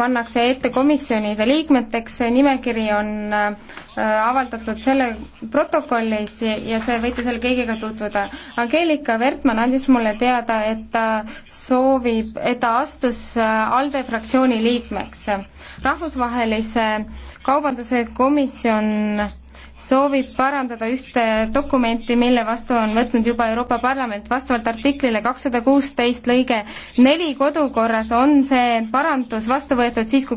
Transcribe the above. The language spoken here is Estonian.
pannakse ette komisjonide liikmeteks, see nimekiri on äh, avaldatud selle protokollis ja see, võite selle kõigiga tutvuda. Angeelika Vertmann andis mulle teada, et ta soovib, et ta astus äh, ALDE fraktsiooni liikmeks. rahvusvahelise kaubanduse komisjon soovib parandada ühte dokumenti, mille vastu on võtnud juba Euroopa Parlament. vastavalt artiklile kakssada kuusteist lõige neli kodukorras on see parandus vastu võetud siis, kui